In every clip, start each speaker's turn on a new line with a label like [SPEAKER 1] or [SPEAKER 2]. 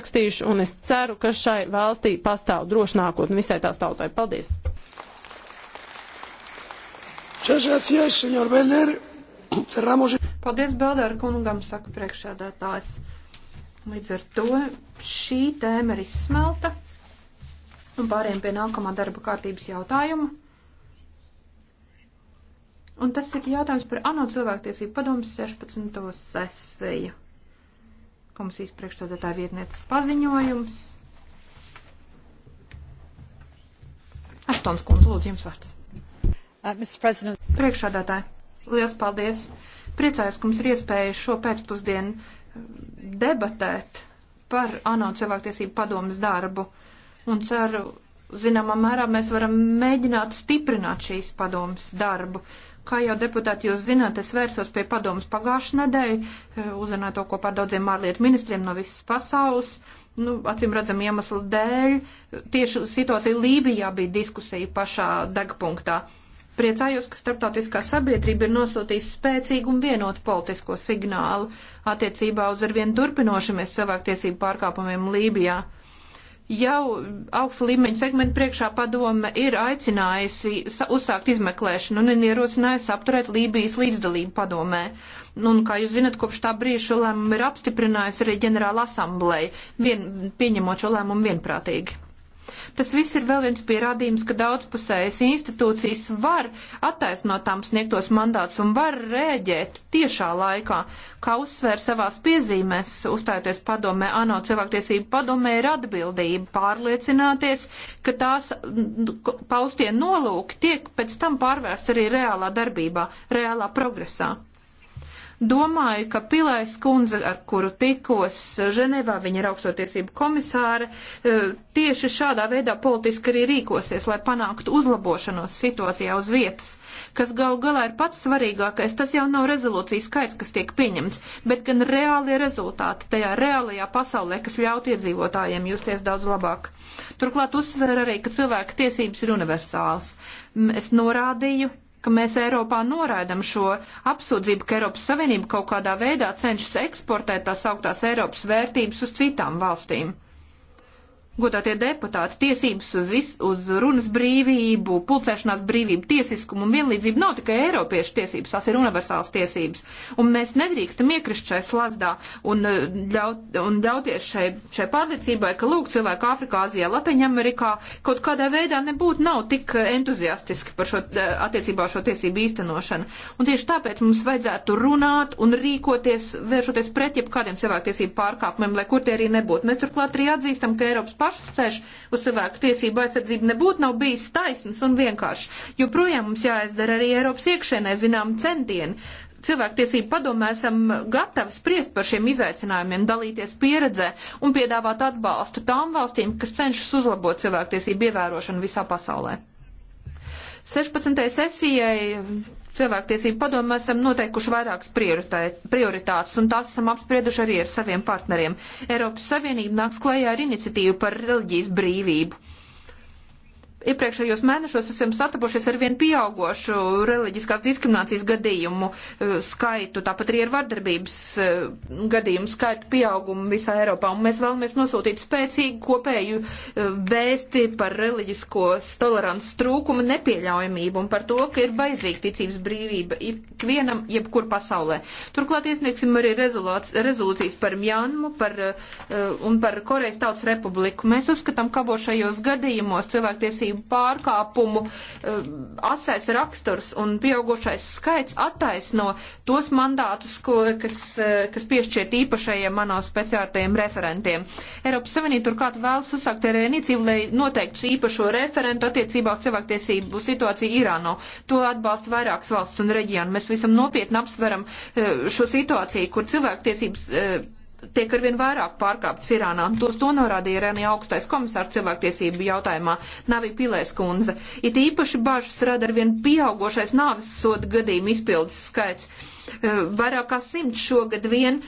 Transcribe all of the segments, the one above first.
[SPEAKER 1] parakstījuši, un es ceru, ka šai valstī pastāv droši nākotne visai tās tautai. Paldies!
[SPEAKER 2] Paldies, Bēlēr kungam, saka priekšsēdētājs. Līdz ar to šī tēma ir izsmelta. Un pāriem pie nākamā darba kārtības jautājuma. Un tas ir jautājums par ANO cilvēktiesību padomu 16. sesiju komisijas priekšstādātāja vietnieces paziņojums. Aštons kundze, lūdzu, jums vārds. Uh, Priekšādātāji, liels paldies. Priecājos, ka mums ir iespēja šo pēcpusdienu uh, debatēt par ANO cilvēktiesību padomas darbu un ceru, zināmā mērā mēs varam mēģināt stiprināt šīs padomas darbu. Uh, Kā jau deputāti jūs zināt, es vērsos pie padomas pagājušā nedēļa, eh, uzrunāju to kopā ar daudziem ārlietu ministriem no visas pasaules. Nu, acīm redzam iemeslu dēļ, tieši situācija Lībijā bija diskusija pašā degpunktā. Priecājos, ka starptautiskā sabiedrība ir nosūtījusi spēcīgu un vienotu politisko signālu attiecībā uz arvien turpinošamies cilvēktiesību pārkāpumiem Lībijā jau augsta līmeņa segmenta priekšā padome ir aicinājusi uzsākt izmeklēšanu un ierosinājusi apturēt Lībijas līdzdalību padomē. Un, kā jūs zinat, kopš tā brīža šo lēmumu ir apstiprinājusi arī ģenerāla asambleja, vien, pieņemot šo lēmumu vienprātīgi. Tas viss ir vēl viens pierādījums, ka daudzpusējas institūcijas var attaisnot tām sniegtos mandātus un var rēģēt tiešā laikā, kā uzsver savās piezīmēs, uzstājoties padomē, ANO cilvēktiesību padomē ir atbildība pārliecināties, ka tās paustie nolūki tiek pēc tam pārvērsts arī reālā darbībā, reālā progresā. Domāju, ka Pilais kundze, ar kuru tikos Ženevā, viņa ir augstotiesību komisāre, e, tieši šādā veidā politiski arī rīkosies, lai panāktu uzlabošanos situācijā uz vietas, kas gal galā ir pats svarīgākais. Tas jau nav rezolūcijas skaits, kas tiek pieņemts, bet gan reālie rezultāti tajā reālajā pasaulē, kas ļaut iedzīvotājiem justies daudz labāk. Turklāt uzsver arī, ka cilvēka tiesības ir universāls. Es norādīju, ka mēs Eiropā noraidam šo apsūdzību, ka Eiropas Savienība kaut kādā veidā cenšas eksportēt tās augtās Eiropas vērtības uz citām valstīm. Godātie deputāti, tiesības uz, iz, uz runas brīvību, pulcēšanās brīvību, tiesiskumu un vienlīdzību nav tikai Eiropiešu tiesības, tās ir universāls tiesības. Un mēs nedrīkstam iekrist šai slazdā un, eh, ļaut, un ļauties šai, šai pārliecībai, ka lūk, cilvēki Āfrikā, Azijā, Latviņamerikā kaut kādā veidā nebūtu nav tik eh, entuziastiski par šo eh, attiecībā šo tiesību īstenošanu. Un tieši tāpēc mums vajadzētu runāt un rīkoties, vēršoties pret jebkādiem cilvēktiesību pārkāpumiem, lai kur tie arī nebūtu. Mēs turklāt arī atzīstam, ka Eiropas parlaments pašas ceļš uz cilvēku tiesību aizsardzību nebūtu nav bijis taisns un vienkāršs. Jo projām mums jāizdara arī Eiropas iekšēnē zinām centieni. Cilvēktiesību padomē esam gatavi spriest par šiem izaicinājumiem, dalīties pieredzē un piedāvāt atbalstu tām valstīm, kas cenšas uzlabot cilvēktiesību ievērošanu visā pasaulē. 16. sesijai cilvēktiesību padomu esam noteikuši vairākas prioritātes, un tās esam apsprieduši arī ar saviem partneriem. Eiropas Savienība nāks klajā ar iniciatīvu par reliģijas brīvību iepriekšējos mēnešos esam satapušies ar vien pieaugošu reliģiskās diskriminācijas gadījumu e, skaitu, tāpat arī ar vardarbības e, gadījumu skaitu pieaugumu visā Eiropā. Un mēs vēlamies nosūtīt spēcīgu kopēju e, vēsti par reliģiskos tolerants trūkumu nepieļaujamību un par to, ka ir vajadzīga ticības brīvība ikvienam, jebkur pasaulē. Turklāt iesniegsim arī rezolūcijas par Mjānmu par, un par Korejas Tautas Republiku. Mēs uzskatām, ka abošajos gadījumos cilvēktiesību tiesību pārkāpumu eh, asais raksturs un pieaugušais skaits attaisno tos mandātus, ko, kas, eh, kas piešķiet īpašajiem manos speciālajiem referentiem. Eiropas Savienība turklāt vēlas uzsākt ar rīcību, lai noteiktu īpašo referentu attiecībā uz cilvēktiesību situāciju Irāno. To atbalsta vairākas valsts un reģionu. Mēs visam nopietni apsveram eh, šo situāciju, kur cilvēktiesības tiek arvien vairāk pārkāptas Irānā. Tos to norādīja Irānija augstais komisārs cilvēktiesību jautājumā Navī Pilēs kundze. It īpaši bažas rada arvien pieaugošais nāves sodu gadījumu izpildes skaits. Eh, vairāk kā simts šogad vien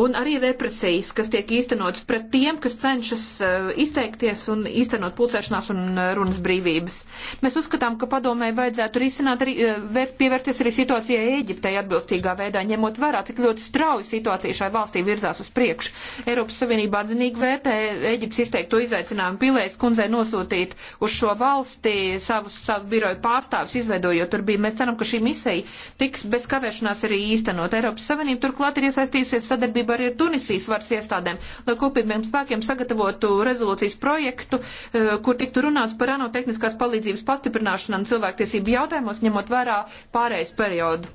[SPEAKER 2] un arī represijas, kas tiek īstenotas pret tiem, kas cenšas eh, izteikties un īstenot pulcēšanās un eh, runas brīvības. Mēs uzskatām, ka padomē vajadzētu risināt arī, eh, vērt, pievērties arī situācijai Ēģiptei atbilstīgā veidā, ņemot vērā, cik ļoti strauji situācija šai valstī virzās uz priekšu. Eiropas Savienība atzinīgi vērtē Ēģipts izteikto izaicinājumu pilēs kundzei nosūtīt uz šo valsti savus savu biroju pārstāvus, izveidojot tur bija. Mēs ceram, ka šī misija tiks bez kavēšanās arī īstenot. Eiropas Savienība turklāt ir iesaistījusies sadarbībā sadarbību arī ar Tunisijas varas iestādēm, lai kopīgiem spēkiem sagatavotu rezolūcijas projektu, eh, kur tiktu runāts par ANO tehniskās palīdzības pastiprināšanu un cilvēktiesību jautājumos, ņemot vērā pārējais periodu.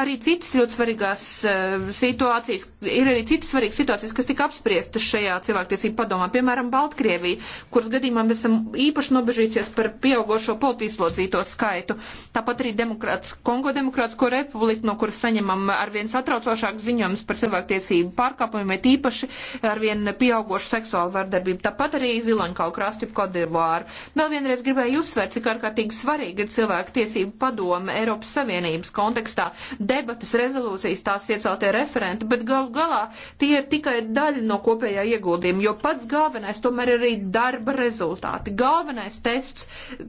[SPEAKER 2] Arī citas ļoti svarīgās uh, situācijas, ir arī citas svarīgas situācijas, kas tika apspriestas šajā cilvēktiesību padomā, piemēram, Baltkrievija, kuras gadījumā mēs esam īpaši nobežījušies par pieaugošo politieslodzīto skaitu. Tāpat arī demokrāts, Kongo Demokrātsko republiku, no kuras saņemam arvien satraucošāk ziņojums par cilvēktiesību pārkāpumiem, bet īpaši arvien pieaugošu seksuālu vardarbību. Tāpat arī Ziloņkalu krastu, Kodivāru. Vēl vienreiz gribēju uzsvērt, cik ārkārtīgi svarīgi ir cilvēku tiesību padome Eiropas Savienības kontekstā, debatas, rezolūcijas, tās ieceltie referenti, bet gal galā tie ir tikai daļa no kopējā ieguldījuma, jo pats galvenais tomēr ir arī darba rezultāti. Galvenais tests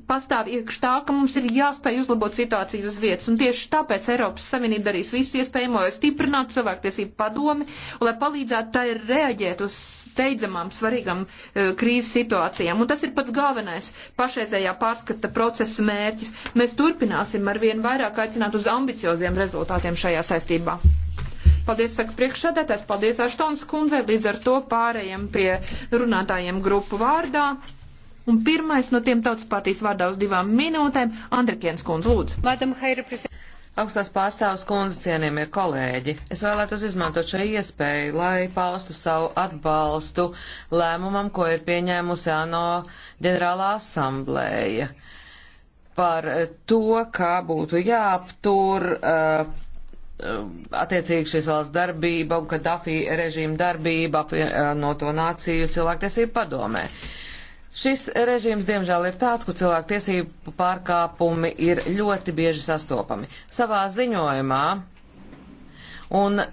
[SPEAKER 2] pastāv iekš tā, ka mums ir jāspēj uzlabot situāciju uz vietas, un tieši tāpēc Eiropas Savienība darīs visu iespējamo, lai stiprinātu cilvēktiesību padomi, lai palīdzētu tai reaģēt uz steidzamām, svarīgām uh, krīzes situācijām. Un tas ir pats galvenais pašreizējā pārskata procesa mērķis. Mēs turpināsim ar vien vairāk aicināt uz ambicioziem rezultātiem rezultātiem šajā saistībā. Paldies, saka priekšsēdētājs, paldies Aštons kundzei, līdz ar to pārējiem pie runātājiem grupu vārdā. Un pirmais no tiem tautas partijas vārdā uz divām
[SPEAKER 3] minūtēm - Andrikiens kundze, lūdzu. Augstās pārstāvs kundze, cienījamie kolēģi, es vēlētos izmantot šo iespēju, lai paustu savu atbalstu lēmumam, ko ir pieņēmusi ANO ģenerālā asamblēja. Uh, par eh, to, kā būtu jāaptur uh, attiecīgi šīs valsts darbība un ka Dafī režīma darbība uh, no to nāciju cilvēktiesību padomē. Šis režīms, diemžēl, ir tāds, kur cilvēktiesību pārkāpumi ir ļoti bieži sastopami. Savā ziņojumā un uh,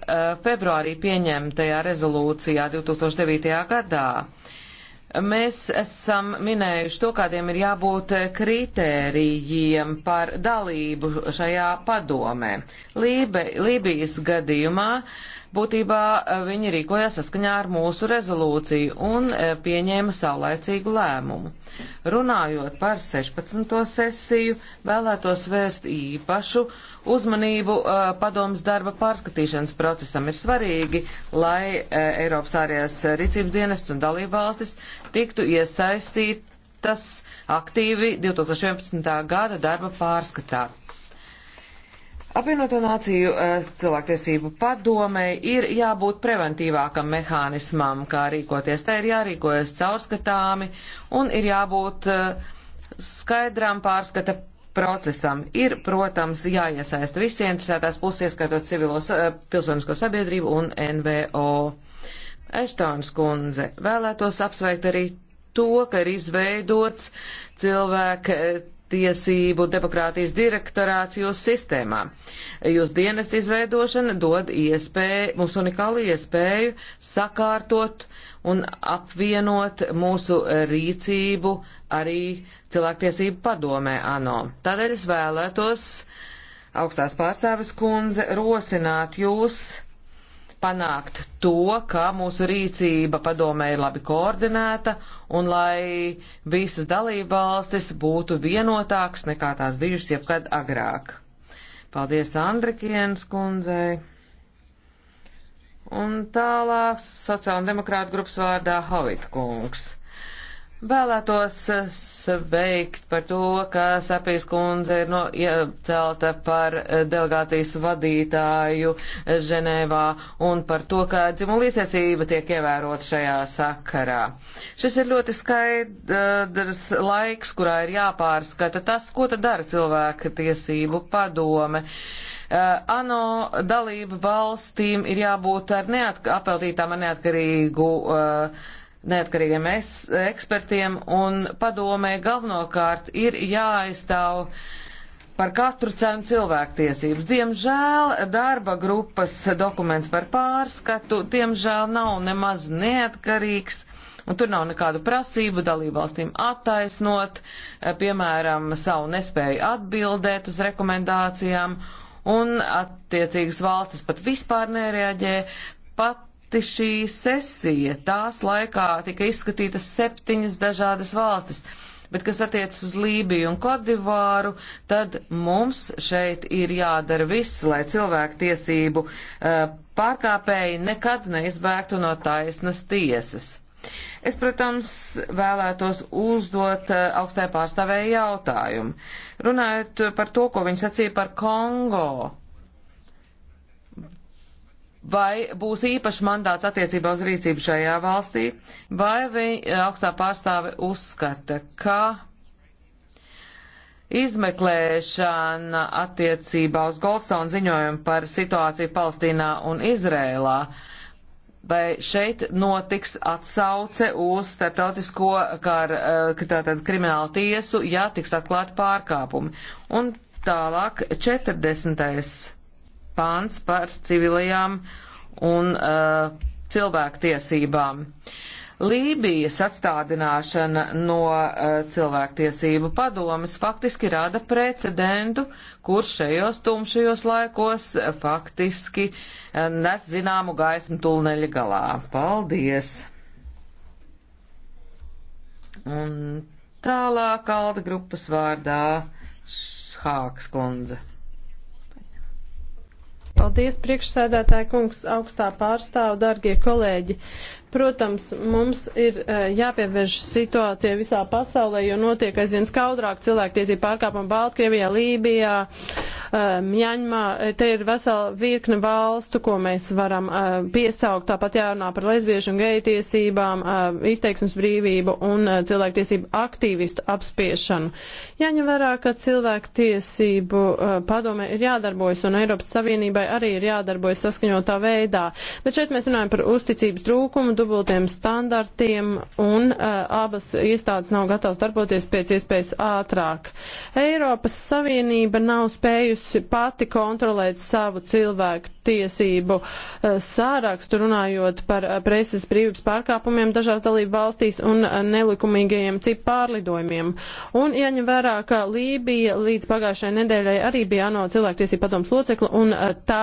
[SPEAKER 3] februārī pieņemtajā rezolūcijā 2009. gadā Mēs esam minējuši to, kādiem ir jābūt kritērijiem par dalību šajā padomē. Lībe, Lībijas gadījumā uh, Būtībā eh, viņi rīkojās saskaņā ar mūsu rezolūciju un eh, pieņēma saulēcīgu lēmumu. Runājot par 16. sesiju, vēlētos vērst īpašu uzmanību eh, padomas darba pārskatīšanas procesam. Ir svarīgi, lai Eiropas ārējās rīcības dienests un dalībvalstis tiktu iesaistītas aktīvi 2011. gada darba pārskatā. Apvienoto nāciju eh, cilvēktiesību padomei ir jābūt preventīvākam mehānismam, kā rīkoties. Tā ir jārīkojas caurskatāmi un ir jābūt eh, skaidram pārskata procesam. Ir, protams, jāiesaist visi interesētās puses, ieskaitot civilo pilsonisko sabiedrību un NVO. Eštons kundze vēlētos apsveikt arī to, ka ir izveidots cilvēku eh, tiesību demokrātijas direktorāts jūsu sistēmā. Jūs dienest izveidošana dod iespēju, mums unikālu iespēju sakārtot un apvienot mūsu rīcību arī cilvēktiesību padomē ANO. Tādēļ es vēlētos augstās pārstāves kundze rosināt jūs panākt to, ka mūsu rīcība padomē ir labi koordinēta un lai visas dalība valstis būtu vienotāks nekā tās bijušas jebkad agrāk. Paldies Andrikienas kundzei. Un tālāk sociāla demokrāta grupas vārdā Havita kungs. Vēlētos eh, sveikt par to, ka Sapīs kundze ir no, iecelta par eh, delegācijas vadītāju eh, Ženēvā un par to, ka dzimulīsiesība tiek ievērot šajā sakarā. Šis ir ļoti skaidrs laiks, kurā ir jāpārskata tas, ko tad dara cilvēka tiesību padome. ANO dalību valstīm ir jābūt ar neatk apeltītām ar neatkarīgu uh, neatkarīgiem ekspertiem un padomē galvenokārt ir jāaizstāv par katru cenu cilvēktiesības. Diemžēl darba grupas dokuments par pārskatu, diemžēl nav nemaz neatkarīgs. Un tur nav nekādu prasību dalībvalstīm attaisnot, eh, piemēram, savu nespēju atbildēt uz rekomendācijām, un attiecīgas valstis pat vispār nereaģē, pat pati šī sesija, tās laikā tika izskatītas septiņas dažādas valstis, bet kas attiecas uz Lībiju un Kodivāru, tad mums šeit ir jādara viss, lai cilvēktiesību eh, pārkāpēji nekad neizbēgtu no taisnas tiesas. Es, protams, vēlētos uzdot eh, augstai pārstāvēju jautājumu. Runājot par to, ko viņi sacīja par Kongo vai būs īpašs mandāts attiecībā uz rīcību šajā valstī, vai viņa augstā pārstāve uzskata, ka izmeklēšana attiecībā uz Goldstone ziņojumu par situāciju Palestīnā un Izrēlā, vai šeit notiks atsauce uz starptautisko kar, eh, tātad kriminālu tiesu, ja tiks atklāti pārkāpumi. Un tālāk 40 pāns par civilajām un uh, cilvēktiesībām. Lībijas atstādināšana no uh, cilvēktiesību padomes faktiski rada precedentu, kurš šajos tumšajos laikos uh, faktiski uh, nes zināmu gaismu tulneļa galā. Paldies! Un tālāk Alda grupas vārdā Šhāks kundze. Paldies,
[SPEAKER 1] priekšsēdētāja kungs, augstā pārstāva, dargie kolēģi. Protams, mums ir eh, jāpievērš situācija visā pasaulē, jo notiek aizvien skaudrāk cilvēktiesību pārkāpumi Baltkrievijā, Lībijā. Eh, Mjaņmā eh, te ir vesela virkne valstu, ko mēs varam eh, piesaukt. Tāpat jārunā par lesbiešu un geju tiesībām, izteiksmes brīvību un cilvēktiesību aktīvistu apspiešanu. Jāņem vērā, ka cilvēktiesību padome ir jādarbojas un Eiropas Savienībai arī ir jādarbojas saskaņotā veidā. Bet šeit mēs runājam par uzticības trūkumu, dubultiem standartiem un abas iestādes nav gatavas darboties pēc iespējas ātrāk. Eiropas Savienība nav spējusi varējusi pati kontrolēt savu cilvēku tiesību eh, sārakstu, runājot par eh, preses brīvības pārkāpumiem dažās dalību valstīs un eh, nelikumīgajiem cipu pārlidojumiem. Un jaņem vērā, ka Lībija līdz pagājušajai nedēļai arī bija ANO cilvēktiesību padoms locekla un tā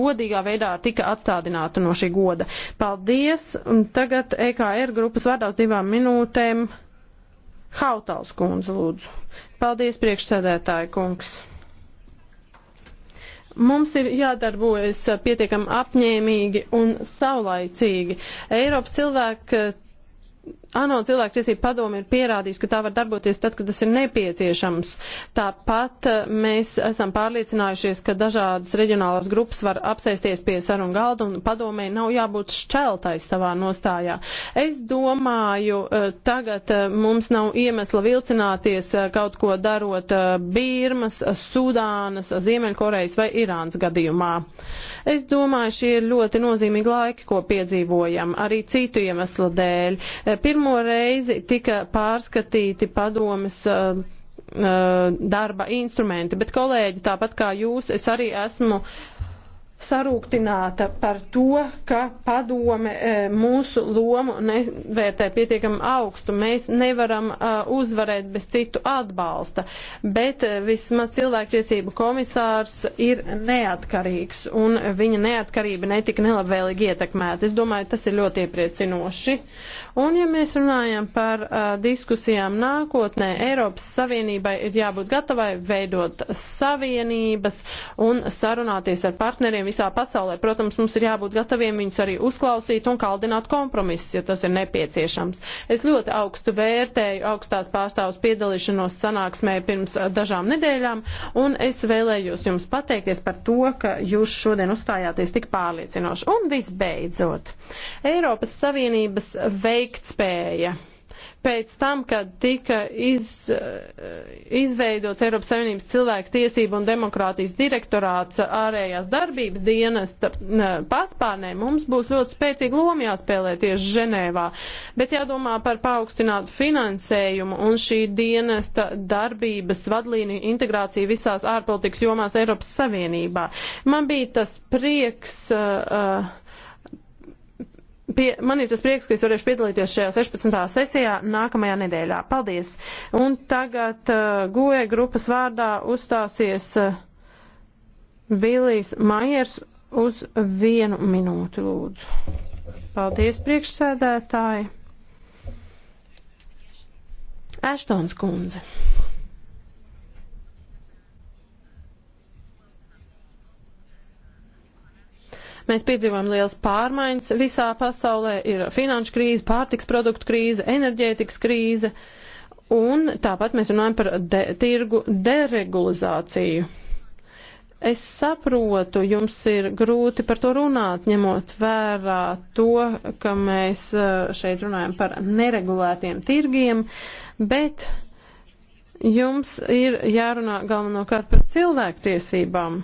[SPEAKER 1] godīgā veidā tika atstādināta no šī goda. Paldies! Un tagad EKR grupas vārdā uz divām minūtēm. Hautals kundze, lūdzu. Paldies, priekšsēdētāji kungs. Mums ir jādarbojas pietiekami apņēmīgi un saulaicīgi. Eiropas cilvēka ANO cilvēktiesība padomi ir pierādījis, ka tā var darboties tad, kad tas ir nepieciešams. Tāpat eh, mēs esam pārliecinājušies, ka dažādas reģionālās grupas var apsēsties pie sarunu galda un padomē nav jābūt šķeltai savā nostājā. Es domāju, eh, tagad eh, mums nav iemesla vilcināties kaut ko darot Bīrmas, Sudānas, Ziemeļkorejas vai Irānas gadījumā. Es domāju, šie ir ļoti nozīmīgi laiki, ko piedzīvojam, arī citu iemeslu dēļ. Pirma pirmo reizi tika pārskatīti padomes. Uh, uh, darba instrumenti, bet kolēģi, tāpat kā jūs, es arī esmu uh, sarūktināta par to, ka padome e, mūsu lomu nevērtē pietiekam augstu. Mēs nevaram e, uzvarēt bez citu atbalsta, bet e, vismaz cilvēktiesību komisārs ir neatkarīgs un viņa neatkarība netika nelabvēlīgi ietekmēta. Es domāju, tas ir ļoti iepriecinoši. Un ja mēs runājam par diskusijām nākotnē, Eiropas Savienībai ir jābūt gatavai veidot savienības un sarunāties ar partneriem visā pasaulē. Protams, mums ir jābūt gataviem viņus arī uzklausīt un kaldināt kompromisus, ja tas ir nepieciešams. Es ļoti augstu vērtēju augstās pārstāvus piedalīšanos sanāksmē pirms dažām nedēļām, un es vēlējos jums pateikties par to, ka jūs šodien uzstājāties tik pārliecinoši. Un visbeidzot, Eiropas Savienības veiktspēja pēc tam, kad tika iz, eh, izveidots Eiropas Savienības cilvēku tiesību un demokrātijas direktorāts ārējās darbības dienesta eh, paspārnē, mums būs ļoti spēcīga loma jāspēlē tieši Ženēvā, bet jādomā par paaugstinātu finansējumu un šī dienesta darbības vadlīniju integrāciju visās ārpolitikas jomās Eiropas Savienībā. Man bija tas prieks. Uh, uh, Pie, man ir tas prieks, ka es varēšu piedalīties šajā 16. sesijā nākamajā nedēļā. Paldies! Un tagad uh, GUE grupas vārdā uzstāsies uh, Bilijs Maiers uz vienu minūti lūdzu. Paldies, priekšsēdētāji! Ashtons kundze. Mēs piedzīvojam liels pārmaiņas visā pasaulē, ir finanšu krīze, pārtiks produktu krīze, enerģētikas krīze, un tāpat mēs runājam par de tirgu deregulizāciju. Es saprotu, jums ir grūti par to runāt, ņemot vērā to, ka mēs eh, šeit runājam par neregulētiem tirgiem, bet jums ir jārunā galvenokārt par cilvēktiesībām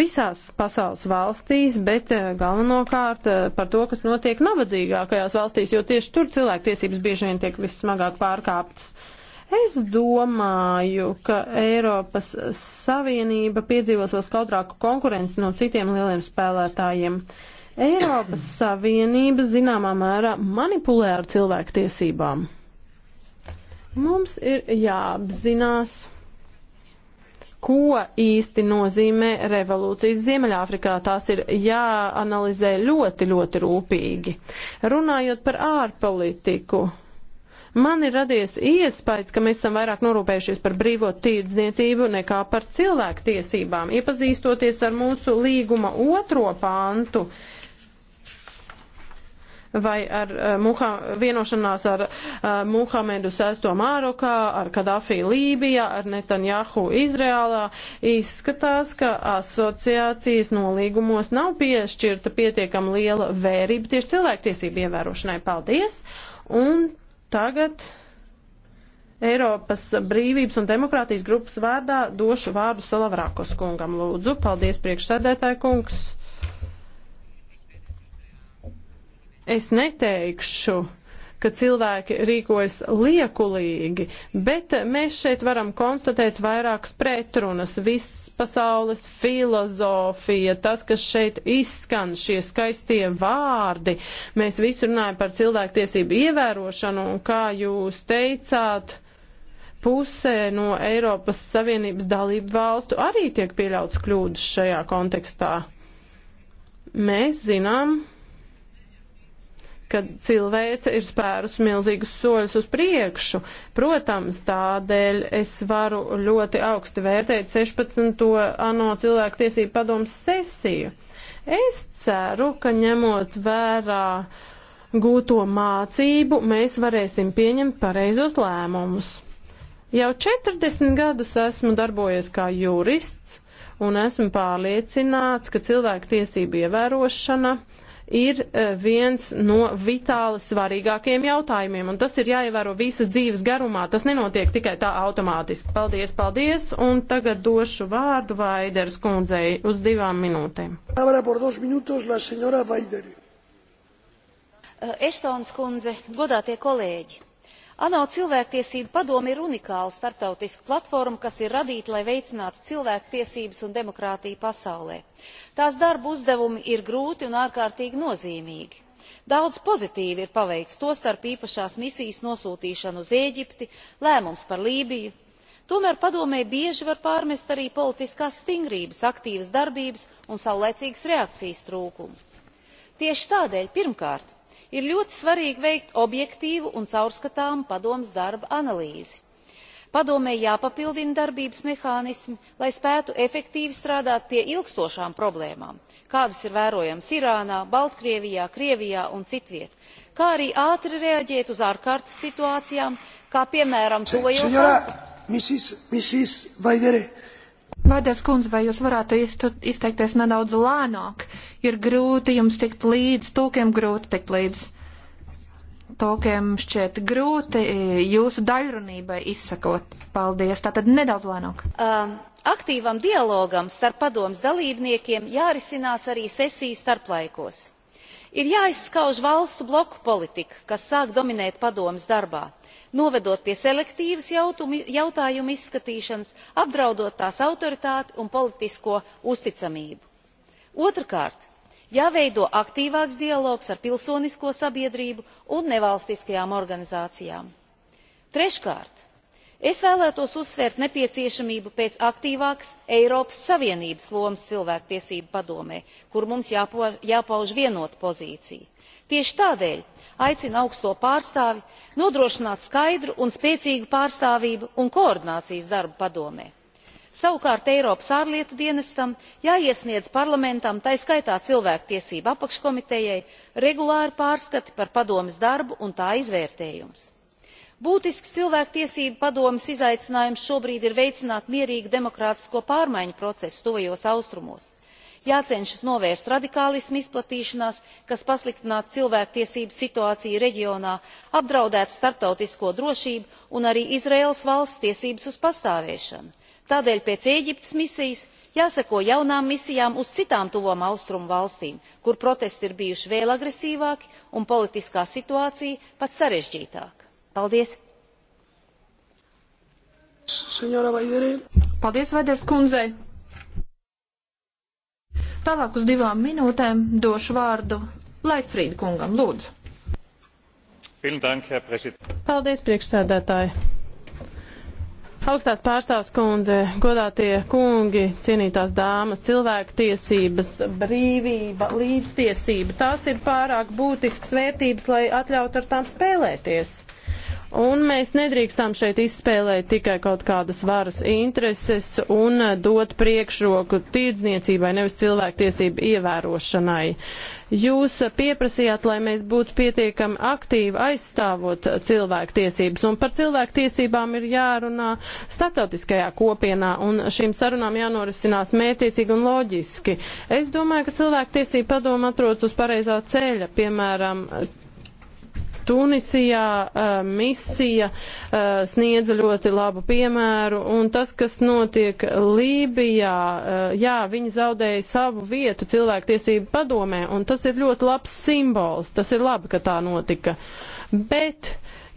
[SPEAKER 1] visās pasaules valstīs, bet eh, galvenokārt eh, par to, kas notiek nabadzīgākajās valstīs, jo tieši tur cilvēktiesības bieži vien tiek vissmagāk pārkāptas. Es domāju, ka Eiropas Savienība piedzīvos vēl skaudrāku konkurenci no citiem lieliem spēlētājiem. Eiropas Savienība zināmā mērā manipulē ar cilvēktiesībām. Mums ir jāapzinās ko īsti nozīmē revolūcijas Ziemeļāfrikā. Tās ir jāanalizē ļoti, ļoti rūpīgi. Runājot par ārpolitiku. Man ir radies iespējas, ka mēs esam vairāk norūpējušies par brīvo tīrdzniecību nekā par cilvēku tiesībām, iepazīstoties ar mūsu līguma otro pantu. Uh, vai ar uh, muha, vienošanās ar uh, Muhamedu VI Mārokā, ar Kadafī Lībijā, ar Netanjahu Izrēlā, izskatās, ka asociācijas nolīgumos nav piešķirta pietiekam liela vērība tieši cilvēktiesību ievērošanai. Paldies! Un tagad. Eiropas brīvības un demokrātijas grupas vārdā došu vārdu Salavrākos kungam. Lūdzu, paldies priekšsēdētāji kungs. es neteikšu, ka cilvēki rīkojas liekulīgi, bet mēs šeit varam konstatēt vairākas pretrunas. Viss pasaules filozofija, tas, kas šeit izskan, šie skaistie vārdi. Mēs visu runājam par cilvēktiesību ievērošanu un kā jūs teicāt, pusē no Eiropas Savienības dalību valstu arī tiek pieļauts kļūdas šajā kontekstā. Mēs zinām, ka cilvēce ir spērus milzīgus soļus uz priekšu. Protams, tādēļ es varu ļoti augsti vērtēt 16. ANO cilvēku tiesību padomu sesiju. Es ceru, ka ņemot vērā gūto mācību, mēs varēsim pieņemt pareizos lēmumus. Jau 40 gadus esmu darbojies kā jurists un esmu pārliecināts, ka cilvēku tiesību ievērošana ir e, viens no vitāli svarīgākajiem jautājumiem, un tas ir jāievēro visas dzīves garumā. Tas nenotiek tikai tā automātiski. Paldies, paldies, un tagad došu vārdu Vaiders kundzei uz divām minūtēm.
[SPEAKER 4] E, Eštons kundze, godātie kolēģi! ano cilvēktiesību padome ir unikāla starptautiska platforma kas ir radīta lai veicinātu cilvēktiesības un demokrātiju pasaulē. tās darba uzdevumi ir grūti un ārkārtīgi nozīmīgi. daudz pozitīva ir paveikts tostarp īpašās misijas nosūtīšana uz ēģipti lēmums par lībiju. tomēr padomei bieži var pārmest arī politiskās stingrības aktīvas darbības un saulaicīgas reakcijas trūkumu. tieši tādēļ pirmkārt ir ļoti svarīgi veikt objektīvu un caurskatāmu padomes darba analīzi. padomei jāpapildina darbības mehānismi lai spētu efektīvi strādāt pie ilgstošām problēmām kādas ir vērojamas irānā baltkrievijā krievijā un citviet kā arī ātri reaģēt uz ārkārtas situācijām kā piemēram tuvajos
[SPEAKER 3] austrumos.
[SPEAKER 2] Vaiders kundze, vai jūs varētu izteikties nedaudz lēnāk? Ir grūti jums tikt līdz, tūkiem grūti tikt līdz. Tūkiem šķiet grūti jūsu daļrunībai izsakot. Paldies, tātad nedaudz
[SPEAKER 4] lēnāk. Um, aktīvam dialogam starp padomas dalībniekiem jārisinās arī sesiju starplaikos ir jāizskauž valstu bloku politika kas sāk dominēt padomes darbā novedot pie selektīvas jautājumu izskatīšanas apdraudot tās autoritāti un politisko uzticamību. otrkārt jāveido aktīvāks dialogs ar pilsonisko sabiedrību un nevalstiskajām organizācijām. treškārt es vēlētos uzsvērt nepieciešamību pēc aktīvākas eiropas savienības lomas cilvēktiesību padomē kur mums jāpauž vienota pozīcija. tieši tādēļ aicinu augsto pārstāvi nodrošināt skaidru un spēcīgu pārstāvību un koordinācijas darbu padomē. savukārt eiropas ārlietu dienestam jāiesniedz parlamentam tai skaitā cilvēktiesību apakškomitejai regulāri pārskati par padomes darbu un tā izvērtējums būtisks cilvēktiesību padomes izaicinājums šobrīd ir veicināt mierīgu demokrātisko pārmaiņu procesu tuvajos austrumos jācenšas novērst radikālisma izplatīšanās kas pasliktinātu cilvēktiesību situāciju reģionā apdraudētu starptautisko drošību un arī izraēlas valsts tiesības uz pastāvēšanu. tādēļ pēc ēģiptes misijas jāseko jaunām misijām uz citām tuvām austrumu valstīm kur protesti ir bijuši vēl agresīvāki un politiskā situācija pat sarežģītāka. Paldies!
[SPEAKER 2] Paldies, Vaiders kundzei! Tālāk uz divām
[SPEAKER 1] minūtēm došu vārdu Laitfrīd kungam, lūdzu. Paldies, priekšsēdētāji! Augstās pārstāvs kundze, godātie kungi, cienītās dāmas, cilvēku tiesības, brīvība, līdztiesība, tās ir pārāk būtisks vērtības, lai atļautu ar tām spēlēties. Uh, Un mēs nedrīkstam šeit izspēlēt tikai kaut kādas varas intereses un eh, dot priekšroku tirdzniecībai, nevis cilvēktiesību ievērošanai. Jūs pieprasījāt, lai mēs būtu pietiekami aktīvi aizstāvot cilvēktiesības, un par cilvēktiesībām ir jārunā starptautiskajā kopienā, un šīm sarunām jānorisinās mētiecīgi un loģiski. Es domāju, ka cilvēktiesība padoma atrodas uz pareizā ceļa, piemēram, Tunisijā uh, misija uh, sniedza ļoti labu piemēru, un tas, kas notiek Lībijā, uh, jā, viņi zaudēja savu vietu cilvēktiesību padomē, un tas ir ļoti labs simbols, tas ir labi, ka tā notika. Bet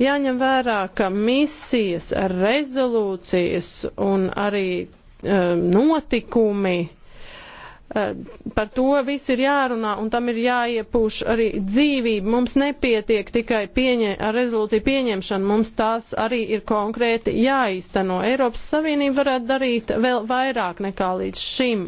[SPEAKER 1] jāņem vērā, ka misijas, rezolūcijas un arī uh, notikumi uh, Eh, par to viss ir jārunā un tam ir jāiepūš arī dzīvība. Mums nepietiek tikai pieņem, ar rezolūciju pieņemšanu, mums tās arī ir konkrēti jāīsteno. Eiropas Savienība varētu darīt vēl vairāk nekā līdz šim.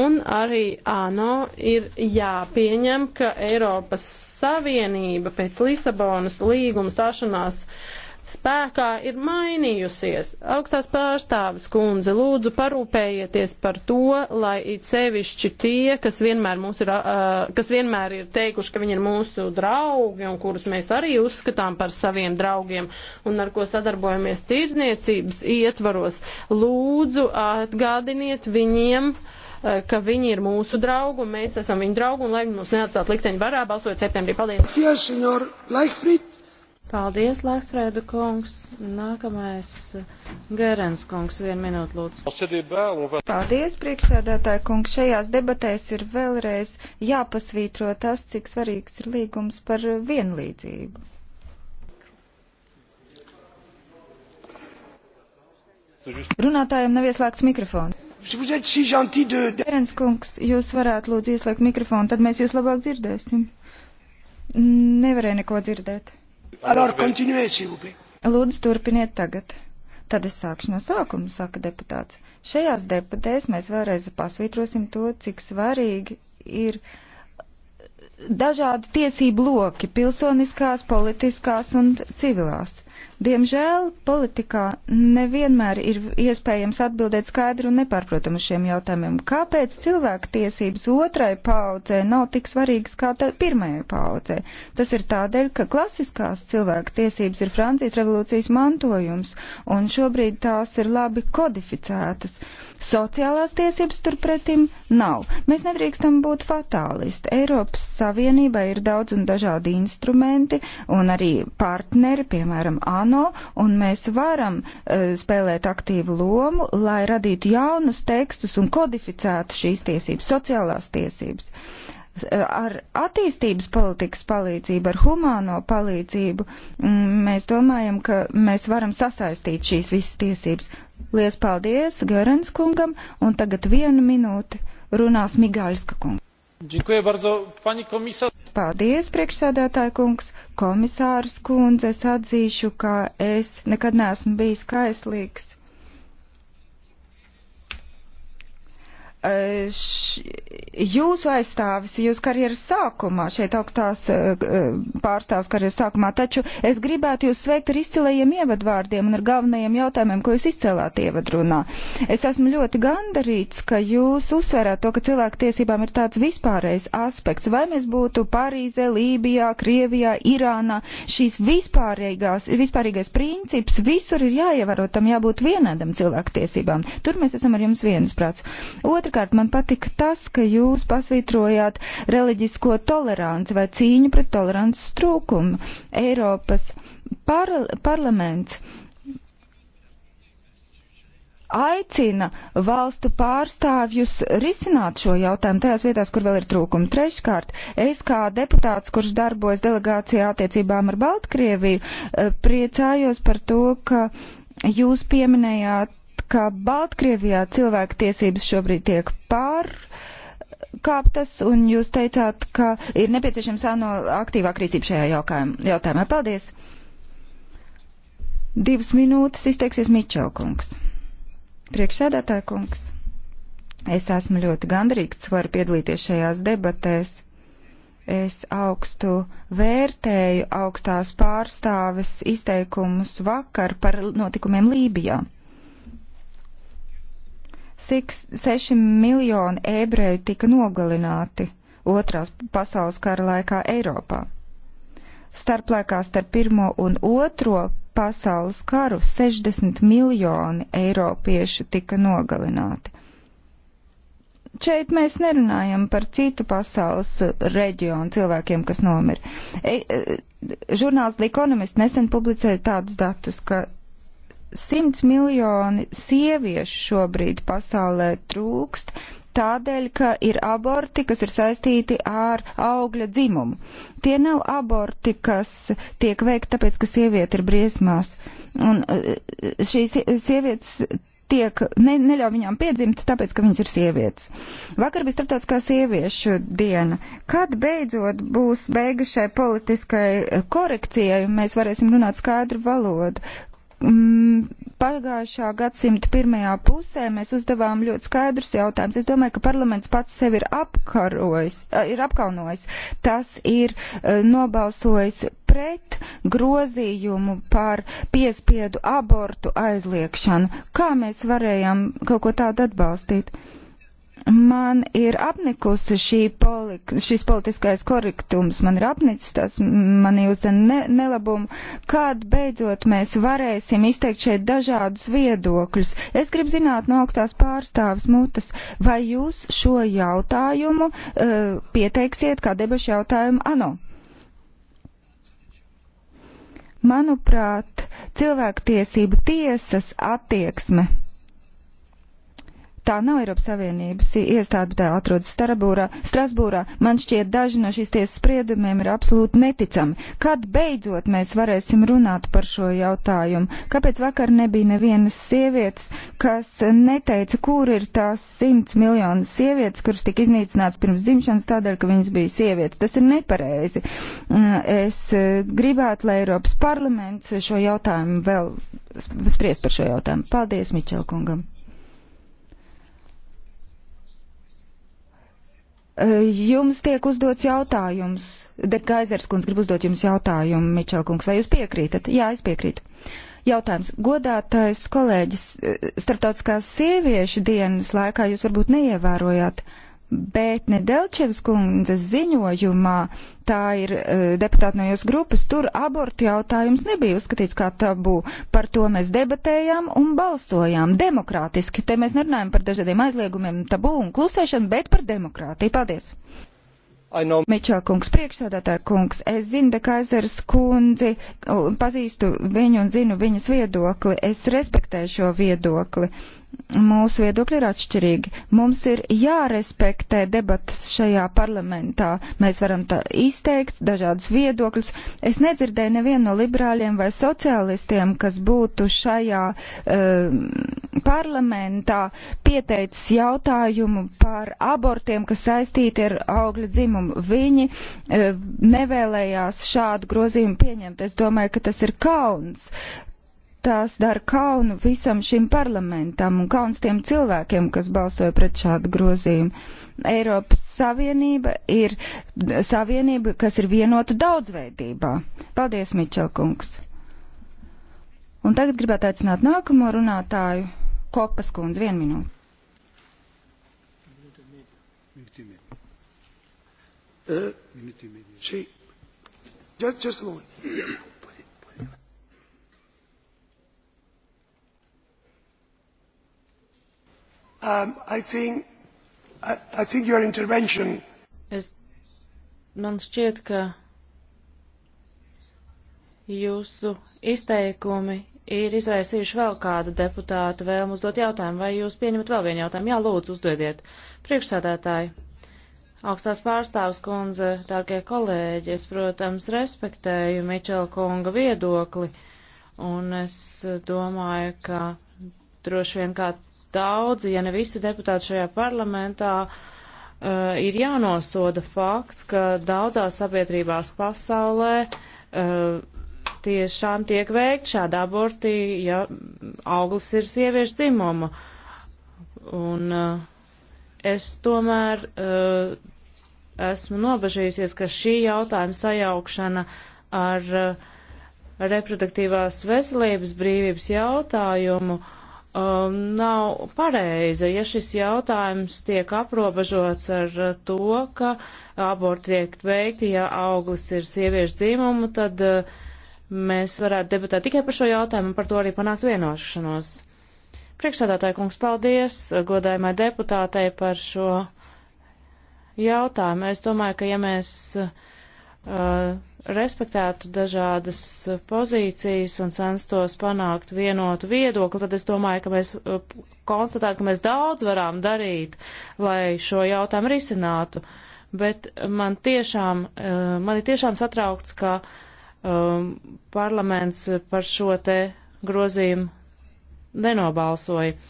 [SPEAKER 1] Un arī ANO ir jāpieņem, ka Eiropas Savienība pēc Lisabonas līguma stāšanās uh, spēkā ir mainījusies. Augstās pārstāvis kundze, lūdzu parūpējieties par to, lai it sevišķi tie, kas vienmēr, mūs ir, uh, kas vienmēr ir teikuši, ka viņi ir mūsu draugi un kurus mēs arī uzskatām par saviem draugiem un ar ko sadarbojamies tirzniecības ietvaros, lūdzu atgādiniet viņiem, ka viņi ir mūsu draugi un mēs esam viņu draugi un lai viņi mūs neatstāt likteņu varā balsot septembrī. Paldies! Yes,
[SPEAKER 5] Paldies, Lahtfrēda kungs. Nākamais eh, Gērens kungs, vienu
[SPEAKER 6] minūtu lūdzu. Paldies, priekšsēdētāja kungs. Šajās debatēs ir vēlreiz jāpasvītro tas, cik svarīgs ir līgums par vienlīdzību. Runātājiem nav ieslēgts mikrofons. Gērens kungs, jūs varētu lūdzu ieslēgt mikrofonu, tad mēs jūs labāk dzirdēsim. Nevarēja neko dzirdēt.
[SPEAKER 1] Alors, continuez, s'il vous plaît.
[SPEAKER 6] Lūdzu, turpiniet tagad. Tad es sākšu no sākuma, saka deputāts. Šajās debatēs mēs vēlreiz pasvītrosim to, cik svarīgi ir dažādi tiesību loki - pilsoniskās, politiskās un civilās. Diemžēl politikā nevienmēr ir iespējams atbildēt skaidru un nepārprotamu šiem jautājumiem. Kāpēc cilvēku tiesības otrai paudzē nav tik svarīgas kā pirmajai paudzē? Tas ir tādēļ, ka klasiskās cilvēku tiesības ir Francijas revolūcijas mantojums, un šobrīd tās ir labi kodificētas. Sociālās tiesības turpretim nav. Mēs nedrīkstam būt fatālisti. Eiropas Savienībai ir daudz un dažādi instrumenti un arī partneri, piemēram, ANO ANO, un mēs varam uh, spēlēt aktīvu lomu, lai radītu jaunus tekstus un kodificētu šīs tiesības, sociālās tiesības. E, ar attīstības politikas palīdzību, ar humāno palīdzību mēs domājam, ka mēs varam sasaistīt šīs visas tiesības. Lielas paldies Görens kungam, un tagad vienu minūti runās Migāļska kungs. Paldies, priekšsēdētāja kungs komisārs kundze, es atzīšu, ka es nekad neesmu bijis kaislīgs Eh, jūsu aizstāvis jūs karjeras sākumā, šeit augstās eh, eh, pārstāvs karjeras sākumā, taču es gribētu jūs sveikt ar izcilējiem ievadvārdiem un ar galvenajiem jautājumiem, ko jūs izcēlāt ievadrunā. Es esmu ļoti gandarīts, ka jūs uzsverāt to, ka cilvēku tiesībām ir tāds vispārējs aspekts. Vai mēs būtu Parīzē, Lībijā, Krievijā, Irānā, šīs vispārīgās, vispārīgais princips visur ir jāievēro, tam jābūt vienādam cilvēku tiesībām. Tur mēs esam ar jums viensprāts. Otra Otrkārt, man patika tas, ka jūs pasvītrojāt reliģisko toleranci vai cīņu pret tolerances trūkumu. Eiropas par parlaments aicina valstu pārstāvjus risināt šo jautājumu tajās vietās, kur vēl ir trūkumi. Treškārt, es kā deputāts, kurš darbojas delegācijā attiecībām ar Baltkrieviju, eh, priecājos par to, ka jūs pieminējāt ka Baltkrievijā cilvēktiesības šobrīd tiek pār kāptas, un jūs teicāt, ka ir nepieciešams ANO aktīvāk rīcība šajā jautājumā. Paldies! Divas minūtes izteiksies Mičelkungs. Priekšsēdētāja kungs, es esmu ļoti gandrīgs, varu piedalīties šajās debatēs. Es augstu vērtēju augstās pārstāves izteikumus vakar par notikumiem Lībijā. 6 miljoni ebreju tika nogalināti otrās pasaules kara laikā Eiropā. Starplaikā starp pirmo un otro pasaules karu 60 miljoni eiropiešu tika nogalināti. Šeit mēs nerunājam par citu pasaules reģionu cilvēkiem, kas nomira. E, e, žurnāls The Economist nesen publicēja tādus datus, ka 100 miljoni sieviešu šobrīd pasaulē trūkst, tādēļ, ka ir aborti, kas ir saistīti ar augļa dzimumu. Tie nav aborti, kas tiek veikti tāpēc, ka sieviete ir briesmās. Un eh, šīs sievietes tiek, ne, neļauj viņām piedzimt, tāpēc, ka viņas ir sievietes. Vakar bija starptautiskā sieviešu diena. Kad beidzot būs beigas šai politiskai korekcijai un mēs varēsim runāt skaidru valodu? Mm, pagājušā gadsimta pirmajā pusē mēs uzdevām ļoti skaidrus jautājumus. Es domāju, ka parlaments pats sevi ir apkarojis, ir apkaunojis. Tas ir nobalsojis pret grozījumu par piespiedu abortu aizliekšanu. Kā mēs varējām kaut ko tādu atbalstīt? Man ir apnikusi šī poli, šis politiskais korektums, man ir apnicis tas, man jūtzen ne, nelabumu, kad beidzot mēs varēsim izteikt šeit dažādus viedokļus. Es gribu zināt no augstās pārstāvas mutes, vai jūs šo jautājumu uh, pieteiksiet kā debašu jautājumu ANO? Manuprāt, cilvēktiesību tiesas attieksme tā nav Eiropas Savienības iestāde, tā atrodas Starabūrā, Strasbūrā. Man šķiet, daži no šīs tiesas spriedumiem ir absolūti neticami. Kad beidzot mēs varēsim runāt par šo jautājumu? Kāpēc vakar nebija nevienas sievietes, kas neteica, kur ir tās simts miljonas sievietes, kuras tika iznīcināts pirms dzimšanas tādēļ, ka viņas bija sievietes? Tas ir nepareizi. Mm, es eh, gribētu, lai Eiropas parlaments šo jautājumu vēl spries par šo jautājumu. Paldies, Mičelkungam! Jums tiek uzdots jautājums, Dekaizers kundze grib uzdot jums jautājumu, Mičel kungs, vai jūs piekrītat? Jā, es piekrītu. Jautājums. Godātais kolēģis, eh, starptautiskās sieviešu dienas laikā jūs varbūt neievērojāt uh, bet Nedelčevs kundzes ziņojumā tā ir uh, e, deputāta no jūsu grupas, tur abortu jautājums nebija uzskatīts kā tabū. Par to mēs debatējām un balsojām demokrātiski. Te mēs nerunājam par dažādiem aizliegumiem, tabū un klusēšanu, bet par demokrātiju. Paldies! Mičela kungs, priekšsādātāja kungs, es zinu, ka Kaisers kundzi, pazīstu viņu un zinu viņas viedokli, es respektēju šo viedokli. Uh, mūsu viedokļi ir atšķirīgi. Mums ir jārespektē debatas šajā parlamentā. Mēs varam tā izteikt dažādus viedokļus. Es nedzirdēju nevienu no liberāļiem vai sociālistiem, kas būtu šajā um, parlamentā pieteicis jautājumu par abortiem, kas saistīti ar augļa dzimumu. Viņi um, nevēlējās šādu grozījumu pieņemt. Es domāju, ka tas ir kauns tās dara kaunu visam šim parlamentam un kauns tiem cilvēkiem, kas balsoja pret šādu grozījumu. Eiropas Savienība ir savienība, kas ir vienota daudzveidībā. Paldies, Mičelkungs! Un tagad gribētu aicināt nākamo runātāju, Kopas kundzi, vienu minūti.
[SPEAKER 1] Uh, sí. Just, just a moment. Um, I think, I, I think your intervention... Es, man šķiet, ka
[SPEAKER 5] jūsu izteikumi ir izraisījuši vēl kādu deputātu vēlmu uzdot jautājumu, vai jūs pieņemat vēl vienu jautājumu? Jā, lūdzu, uzdodiet. Priekšsādātāji, augstās pārstāvs kundze, dārgie kolēģi, es, protams, respektēju Mičela kunga viedokli, un es domāju, ka droši vien kā daudzi, ja ne visi deputāti šajā parlamentā uh, ir jānosoda fakts, ka daudzās sabiedrībās pasaulē uh, tiešām tiek veikt šādi aborti, ja auglis ir sieviešu dzimuma. Un uh, es tomēr uh, esmu nobežījusies, ka šī jautājuma sajaukšana ar uh, reproduktīvās veselības brīvības jautājumu uh, um, nav pareiza, ja šis jautājums tiek aprobežots ar uh, to, ka aborti tiek veikti, ja auglis ir sieviešu dzīvumu, tad uh, mēs varētu debatēt tikai par šo jautājumu un par to arī panākt vienošanos. Priekšsādātāja kungs, paldies godājumai deputātei par šo jautājumu. Es domāju, ka ja mēs uh, Uh, respektētu dažādas pozīcijas un censtos panākt vienotu viedokli, tad es domāju, ka mēs uh, konstatētu, ka mēs daudz varam darīt, lai šo jautājumu risinātu. Bet man tiešām, uh, man ir tiešām satraukts, ka um, parlaments par šo te grozījumu nenobalsoja.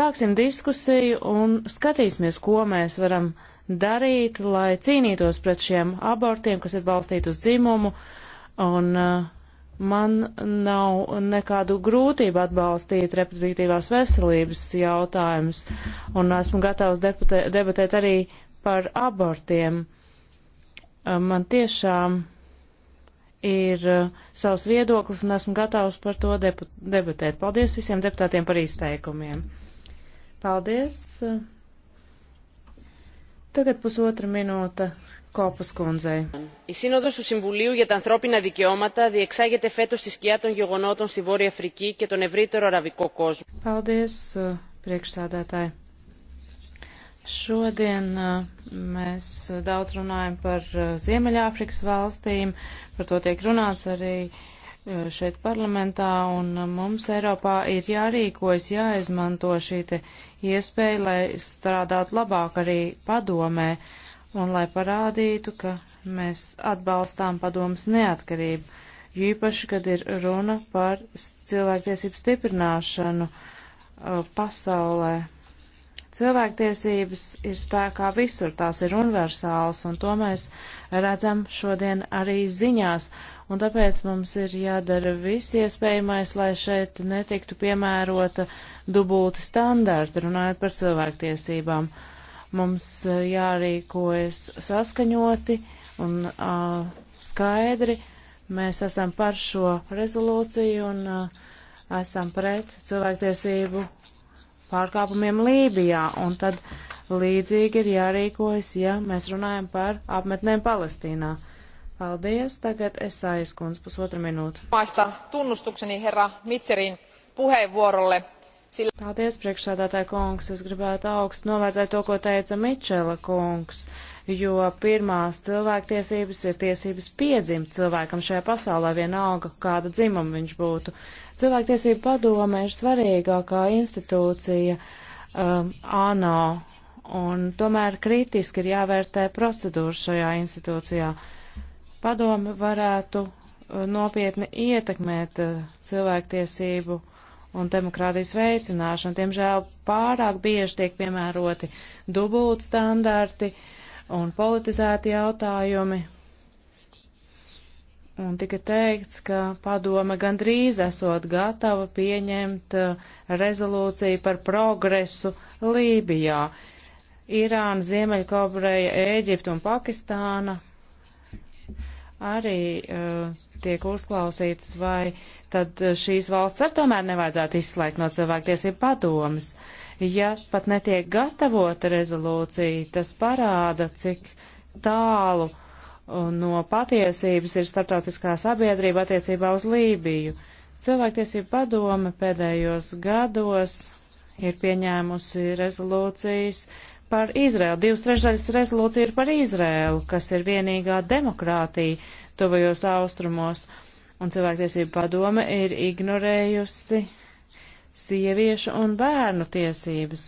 [SPEAKER 5] Sāksim diskusiju un skatīsimies, ko mēs varam darīt darīt, lai cīnītos pret šiem abortiem, kas ir balstīti uz dzimumu, un uh, man nav nekādu grūtību atbalstīt reproduktīvās veselības jautājumus, un esmu gatavs deputē, debatēt arī par abortiem. Uh, man tiešām ir uh, savs viedoklis, un esmu gatavs par to debatēt. Paldies visiem deputātiem par izteikumiem. Paldies! Uh, Tagad pusotra minūte Κόπος Κόντζε.
[SPEAKER 1] Η Σύνοδος του Συμβουλίου για τα Ανθρώπινα Δικαιώματα διεξάγεται φέτος στη σκιά των γεγονότων στη Βόρεια Αφρική και τον ευρύτερο αραβικό κόσμο.
[SPEAKER 5] Paldies, priekšsādātāji. Šodien uh, mēs uh, daudz runājam par uh, Ziemeļāfrikas valstīm, par to tiek runāts arī uh, Eh, šeit parlamentā, un eh, mums Eiropā ir jārīkojas, jāizmanto šī iespēja, lai strādātu labāk arī padomē, un lai parādītu, ka mēs atbalstām padomas neatkarību, jo īpaši, kad ir runa par cilvēktiesību stiprināšanu uh, pasaulē. Cilvēktiesības ir spēkā visur, tās ir universālas, un to mēs redzam šodien arī ziņās, un tāpēc mums ir jādara viss iespējamais, lai šeit netiktu piemērota dubulta standarta, runājot par cilvēktiesībām. Mums eh, jārīkojas saskaņoti un uh, skaidri, mēs esam par šo rezolūciju un uh, esam pret cilvēktiesību pārkāpumiem Lībijā, un tad līdzīgi ir jārīkojas, ja mēs runājam par apmetnēm Palestīnā. Paldies, tagad es aizkundz pusotra minūte.
[SPEAKER 2] Maista tunnustukseni herra Mitserin puheenvuorolle.
[SPEAKER 5] Sillä... Paldies, priekšsādātāja kungs, es gribētu augstu novērtēt to, ko teica Mičela kungs. Uh, jo pirmās cilvēktiesības ir tiesības piedzimt cilvēkam šajā pasaulē vienalga, kāda dzimuma viņš būtu. Cilvēktiesība padome ir svarīgākā institūcija um, ANO, un tomēr kritiski ir jāvērtē procedūras šajā institūcijā. Padome varētu uh, nopietni ietekmēt uh, cilvēktiesību un demokrātijas veicināšanu. Tiemžēl pārāk bieži tiek piemēroti dubult standarti, uh, un politizēti jautājumi. Un tika teikts, ka padome gandrīz esot gatava pieņemt uh, rezolūciju par progresu Lībijā. Irāna, Ziemeļkobreja, Ēģipta un Pakistāna arī uh, tiek uzklausītas, vai tad šīs valsts ar tomēr nevajadzētu izslēgt no cilvēktiesību padomas. Uh, Ja pat netiek gatavota rezolūcija, tas parāda, cik tālu uh, no patiesības ir starptautiskā sabiedrība attiecībā uz Lībiju. Cilvēktiesība padome pēdējos gados ir pieņēmusi rezolūcijas par Izrēlu. Divas trešdaļas rezolūcija ir par Izrēlu, kas ir vienīgā demokrātija tuvajos austrumos, un cilvēktiesība padome ir ignorējusi sieviešu un bērnu tiesības.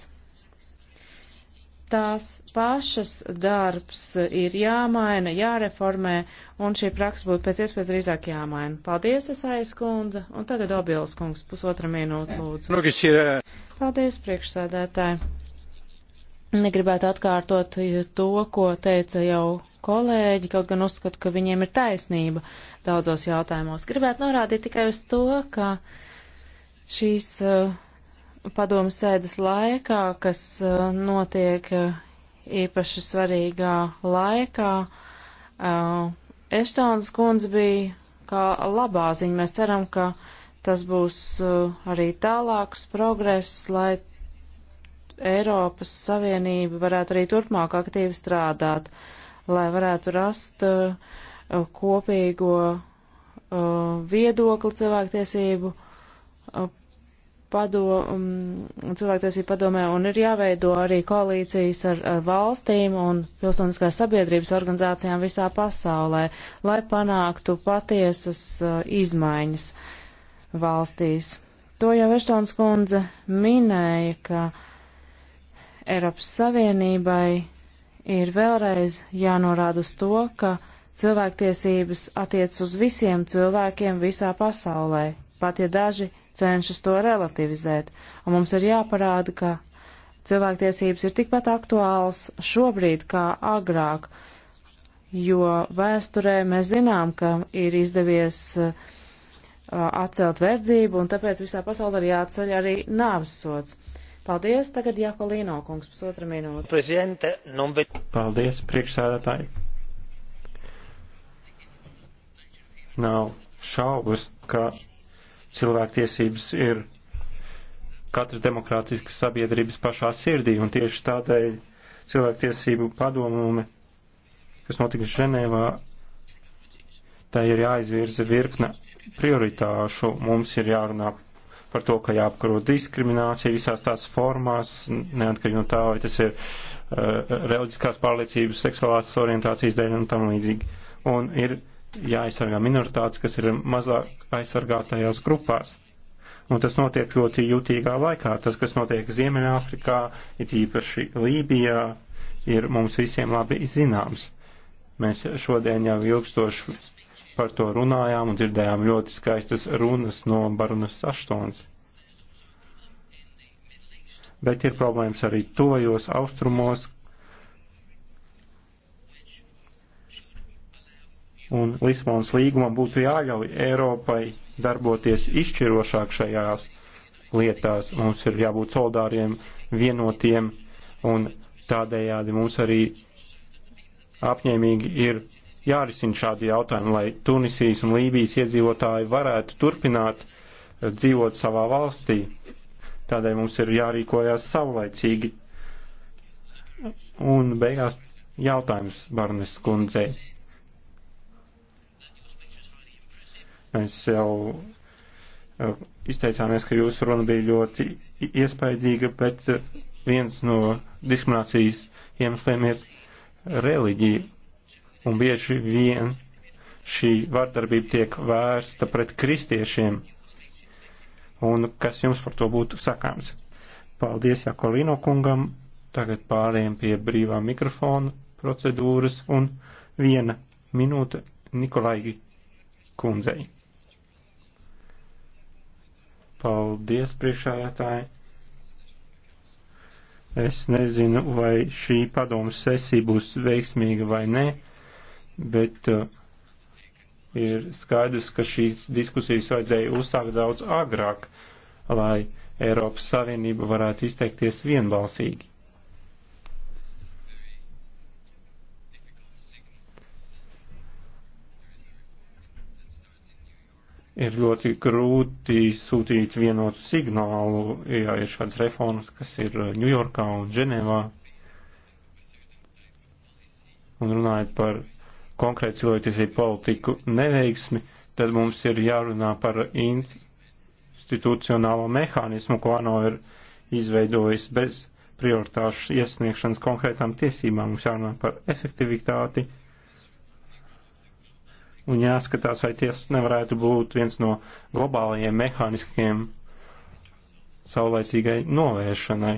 [SPEAKER 5] Tās pašas darbs ir jāmaina, jāreformē, un šī praksa būtu pēc iespējas drīzāk jāmaina. Paldies, Esājas kundze, un tagad Obils kungs, pusotra minūte, lūdzu. Nu, eh, Paldies, priekšsēdētāji. Negribētu atkārtot eh, to, ko teica jau kolēģi, kaut gan uzskatu, ka viņiem ir taisnība daudzos jautājumos. Gribētu norādīt tikai uz to, ka uh, Šīs eh, padomu sēdes laikā, kas eh, notiek eh, īpaši svarīgā laikā, Eštons kundze bija kā labā ziņa. Mēs ceram, ka tas būs arī tālāks progress, lai Eiropas Savienība varētu arī turpmāk aktīvi strādāt, lai varētu rast kopīgo viedokli cilvēktiesību padom, cilvēktiesību padomē un ir jāveido arī koalīcijas ar, ar valstīm un pilsoniskās sabiedrības organizācijām visā pasaulē, lai panāktu patiesas uh, izmaiņas valstīs. To jau Eštons kundze minēja, ka Eiropas Savienībai ir vēlreiz jānorāda uz to, ka cilvēktiesības attiec uz visiem cilvēkiem visā pasaulē, pat ja daži cenšas to relativizēt. Un mums ir jāparāda, ka cilvēktiesības ir tikpat aktuāls šobrīd kā agrāk, jo vēsturē mēs zinām, ka ir izdevies uh, atcelt verdzību, un tāpēc visā pasaulē ir jāatceļ arī nāves sots. Paldies, tagad Jākolīno kungs, pusotra minūte.
[SPEAKER 7] Prezidente, non ve... Paldies, priekšsēdētāji. Nav šaubas, ka cilvēktiesības ir katras demokrātiskas sabiedrības pašā sirdī, un tieši tādēļ cilvēktiesību padomume, kas notiks Ženēvā, tā ir jāizvirza virkne prioritāšu. Mums ir jārunā par to, ka jāapkaro diskriminācija visās tās formās, neatkarīgi no tā, vai tas ir uh, reliģiskās pārliecības, seksuālās orientācijas dēļ un tam līdzīgi. Un ir jāaizsargā minoritātes, kas ir mazāk aizsargātajās grupās. Un tas notiek ļoti jūtīgā laikā. Tas, kas notiek Ziemeļāfrikā, it īpaši Lībijā, ir mums visiem labi zināms. Mēs šodien jau ilgstoši par to runājām un dzirdējām ļoti skaistas runas no Barunas Aštons. Bet ir problēmas arī tojos austrumos, un Lisbonas līgumam būtu jāļauj Eiropai darboties izšķirošāk šajās lietās. Mums ir jābūt soldāriem, vienotiem, un tādējādi mums arī apņēmīgi ir jārisina šādi jautājumi, lai Tunisijas un Lībijas iedzīvotāji varētu turpināt eh, dzīvot savā valstī. Tādēļ mums ir jārīkojās savlaicīgi. Un beigās jautājums Barnes kundzei Mēs jau eh, izteicāmies, ka jūsu runa bija ļoti iespaidīga, bet eh, viens no diskriminācijas iemesliem ir reliģija. Un bieži vien šī vardarbība tiek vērsta pret kristiešiem. Un kas jums par to būtu sakāms? Paldies Jakolino kungam. Tagad pārējiem pie brīvā mikrofona procedūras un viena minūte Nikolai kundzei. Paldies, priekšādātāji. Es nezinu, vai šī padomas sesija būs veiksmīga vai nē, bet uh, ir skaidrs, ka šīs diskusijas vajadzēja uzsākt daudz agrāk, lai Eiropas Savienība varētu izteikties vienbalsīgi. ir ļoti grūti sūtīt vienotu signālu, ja ir šādas reformas, kas ir Ņujorkā un Ženēvā. Un runājot par konkrētu cilvēktiesību politiku neveiksmi, tad mums ir jārunā par institucionālo mehānismu, ko ANO ir izveidojis bez prioritāšu iesniegšanas konkrētām tiesībām. Mums jārunā par efektivitāti, un jāskatās, vai tiesas nevarētu būt viens no globālajiem mehāniskiem saulaicīgai novēršanai.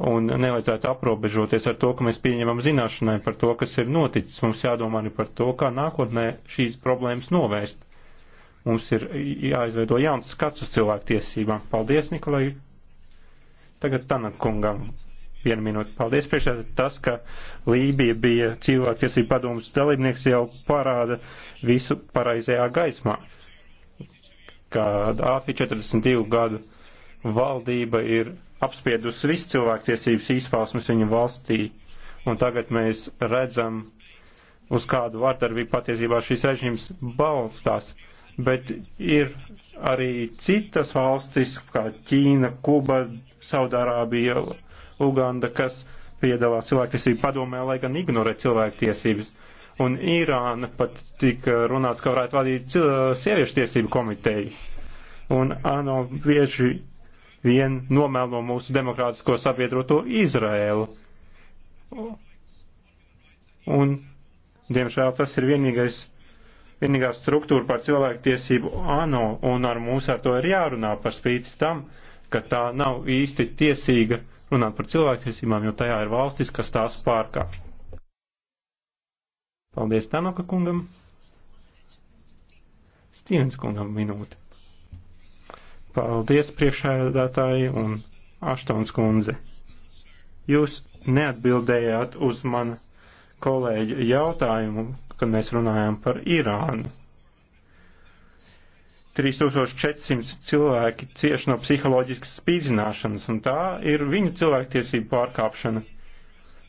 [SPEAKER 7] Un nevajadzētu aprobežoties ar to, ka mēs pieņemam zināšanai par to, kas ir noticis. Mums jādomā arī par to, kā nākotnē šīs problēmas novērst. Mums ir jāizveido jauns skats uz cilvēku tiesībām. Paldies, Nikolai! Tagad Tanakungam Vienu minūti. Paldies priekšā. Tas, ka Lībija bija cilvēktiesība padomus dalībnieks, jau parāda visu pareizajā gaismā. Kad AFI 42 gadu valdība ir apspiedusi visu cilvēktiesības izpausmes viņa valstī, un tagad mēs redzam, uz kādu vārdarbību patiesībā šis režīms balstās. Bet ir arī citas valstis, kā Ķīna, Kuba, Saudārābija, Uganda, kas piedalās cilvēktiesību padomē, lai gan ignorē cilvēktiesības. Un Irāna pat tika runāts, ka varētu vadīt sieviešu tiesību komiteju. Un ANO bieži vien nomēlo mūsu demokrātisko sabiedroto Izraēlu. Un, diemžēl, tas ir vienīgais, vienīgā struktūra par cilvēktiesību ANO, un ar mums ar to ir jārunā par spīti tam, ka tā nav īsti tiesīga runāt par cilvēktiesībām, jo tajā ir valstis, kas tās pārkāpj. Paldies Tanaka kungam. Stīvens kungam minūte. Paldies priekšēdētāji un Aštons kundze. Jūs neatbildējāt uz mana kolēģa jautājumu, kad mēs runājām par Irānu. 3400 cilvēki cieši no psiholoģiskas spīdzināšanas, un tā ir viņu cilvēktiesību pārkāpšana.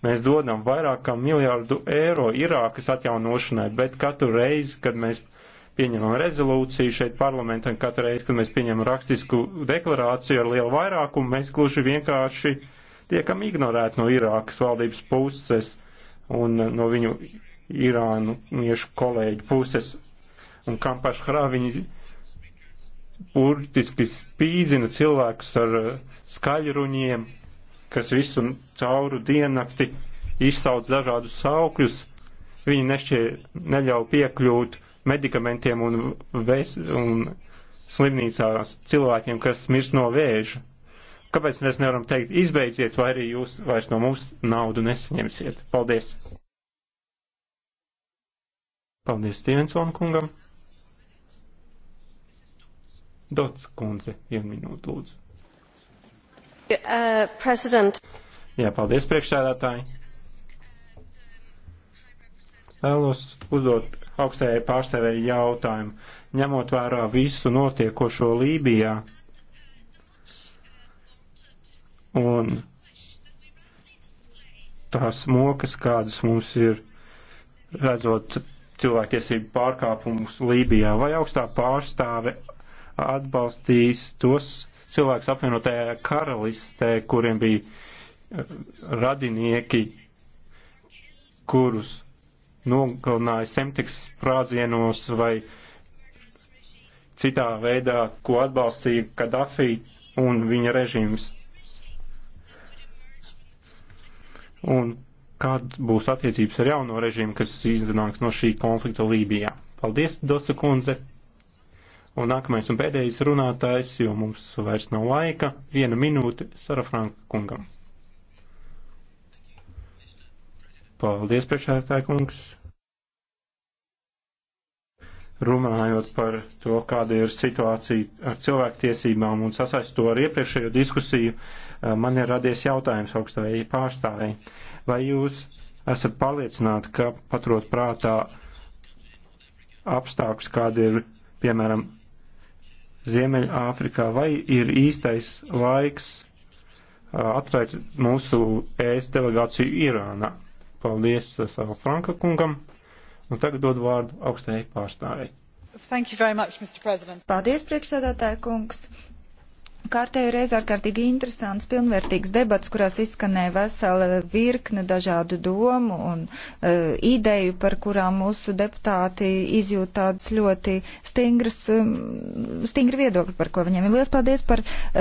[SPEAKER 7] Mēs dodam vairāk kā miljārdu eiro Irākas atjaunošanai, bet katru reizi, kad mēs pieņemam rezolūciju šeit parlamentā, katru reizi, kad mēs pieņemam rakstisku deklarāciju ar lielu vairākumu, mēs gluži vienkārši tiekam ignorēti no Irākas valdības puses un no viņu irānu miešu kolēģu puses. Un kam pašhrā viņi burtiski spīdzina cilvēkus ar eh, skaļruņiem, kas visu cauru diennakti izsauc dažādus saukļus. Viņi nešķie neļauj piekļūt medikamentiem un, ves, un slimnīcās cilvēkiem, kas mirst no vēža. Kāpēc mēs nevaram teikt, izbeidziet, vai arī jūs vairs no mums naudu nesaņemsiet? Paldies! Paldies Stevensona kungam! Dots kundze, vienu minūtu lūdzu.
[SPEAKER 4] Uh, president.
[SPEAKER 7] Jā, paldies priekšsēdētāji. Vēlos uzdot augstajai pārstāvēji jautājumu, ņemot vērā visu notiekošo Lībijā un tās mokas, kādas mums ir redzot cilvēktiesību pārkāpumus Lībijā, vai augstā pārstāve atbalstīs tos cilvēkus apvienotajā karalistē, kuriem bija eh, radinieki, kurus nogalināja semtiks sprādzienos vai citā veidā, ko atbalstīja Kadafī un viņa režīms. Un kāda būs attiecības ar jauno režīmu, kas iznāks no šī konflikta Lībijā? Paldies, Dosa kundze! Un nākamais un pēdējais runātājs, jo mums vairs nav laika, viena minūte Sarafranka kungam. Paldies, priekšsēdētāji kungs. Runājot par to, kāda ir situācija ar cilvēktiesībām un sasaist to ar iepriekšējo diskusiju, eh, man ir radies jautājums augstāvēji pārstāvēji. Vai jūs esat pārliecināti, ka paturot prātā apstākļus, kāda ir, piemēram, Ziemeļāfrikā, vai ir īstais laiks uh, atvērt mūsu ES delegāciju Irānā. Paldies uh, savu Franka kungam, un tagad dod vārdu augstajai pārstāvei.
[SPEAKER 6] Much, Paldies, priekšsēdētāja kungs. Kārtējo reizi ārkārtīgi interesants, pilnvērtīgs debats, kurās izskanēja vesela virkne dažādu domu un uh, ideju, par kurām mūsu deputāti izjūt tādas ļoti stingras, um, stingri viedokļi, par ko viņiem ir liels paldies par uh,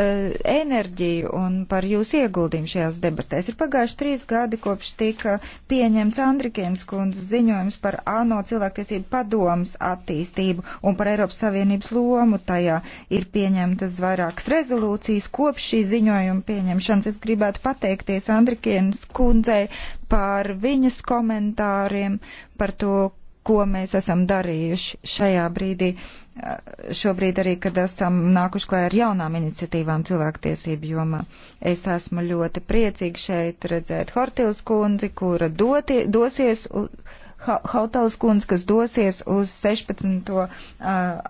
[SPEAKER 6] enerģiju un par jūsu ieguldījumu šajās debatēs. Ir pagājuši trīs gadi, kopš tika pieņemts Andrikienas kundzes ziņojums par ANO cilvēktiesību padomas attīstību un par Eiropas Savienības lomu tajā ir pieņemtas vairākas rezultātas rezolūcijas kopš šī ziņojuma pieņemšanas. Es gribētu pateikties Andrikienas kundzei par viņas komentāriem, par to, ko mēs esam darījuši šajā brīdī. Šobrīd arī, kad esam nākuši klāj ar jaunām iniciatīvām cilvēktiesību jomā, es esmu ļoti priecīgi šeit redzēt Hortils kundzi, kura doti, dosies Hautalas kundze, kas dosies uz 16. Uh,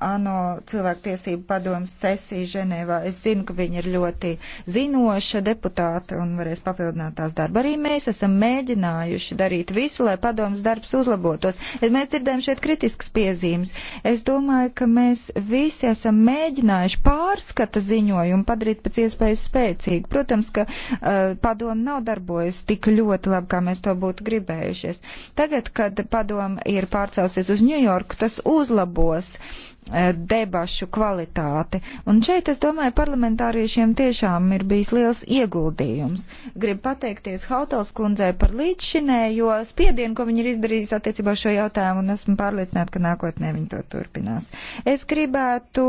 [SPEAKER 6] ANO cilvēktiesību padomas sesiju Ženēvā. Es zinu, ka viņa ir ļoti zinoša deputāte un varēs papildināt tās darbu. Arī mēs esam mēģinājuši darīt visu, lai padomas darbs uzlabotos. Mēs dzirdējam šeit kritiskas piezīmes. Es domāju, ka mēs visi esam mēģinājuši pārskata ziņojumu padarīt pēc iespējas spēcīgu. Protams, ka uh, padoma nav darbojusi tik ļoti labi, kā mēs to būtu gribējušies. Tagad, kad padoma ir pārcelsies uz Ņujorku, tas uzlabos eh, debašu kvalitāti. Un šeit, es domāju, parlamentāriešiem tiešām ir bijis liels ieguldījums. Gribu pateikties Hautals kundzē par līdzšinējo spiedienu, ko viņi ir izdarījis attiecībā šo jautājumu, un esmu pārliecināta, ka nākotnē viņi to turpinās. Es gribētu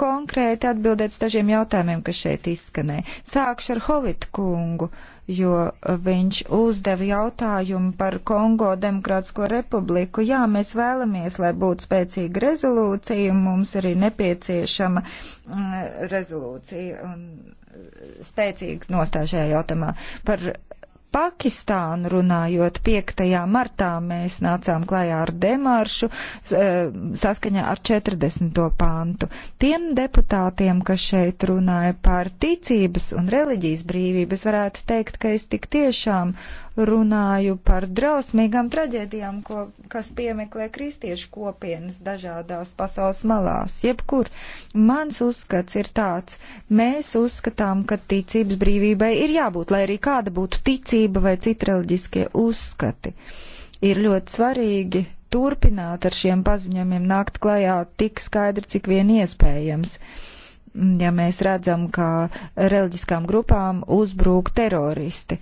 [SPEAKER 6] konkrēti atbildēt uz dažiem jautājumiem, kas šeit izskanē. Sākšu ar Hovita kungu, jo viņš uzdeva jautājumu par Kongo Demokrātisko republiku. Jā, mēs vēlamies, lai būtu spēcīga rezolūcija, un mums arī nepieciešama mm, rezolūcija un spēcīgs nostāj šajā jautājumā. Par Pakistānu runājot, 5. martā mēs nācām klajā ar demāršu e, saskaņā ar 40. pantu. Tiem deputātiem, kas šeit runāja par ticības un reliģijas brīvības, varētu teikt, ka es tik tiešām runāju par drausmīgām traģēdijām, ko, kas piemeklē kristiešu kopienas dažādās pasaules malās, jebkur. Mans uzskats ir tāds, mēs uzskatām, ka ticības brīvībai ir jābūt, lai arī kāda būtu ticība vai citreliģiskie uzskati. Ir ļoti svarīgi turpināt ar šiem paziņojumiem, nākt klajā tik skaidri, cik vien iespējams ja mēs redzam, ka reliģiskām grupām uzbrūk teroristi